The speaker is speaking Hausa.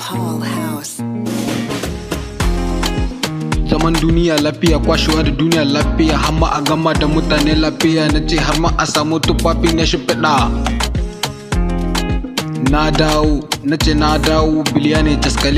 Paul House. zaman duniya lafiya kwashewa da duniya lafiya hamma a gama da mutane lafiya na ce har ma a samu tufafi na shimfiɗa na dawo na ce na dawo biliya ne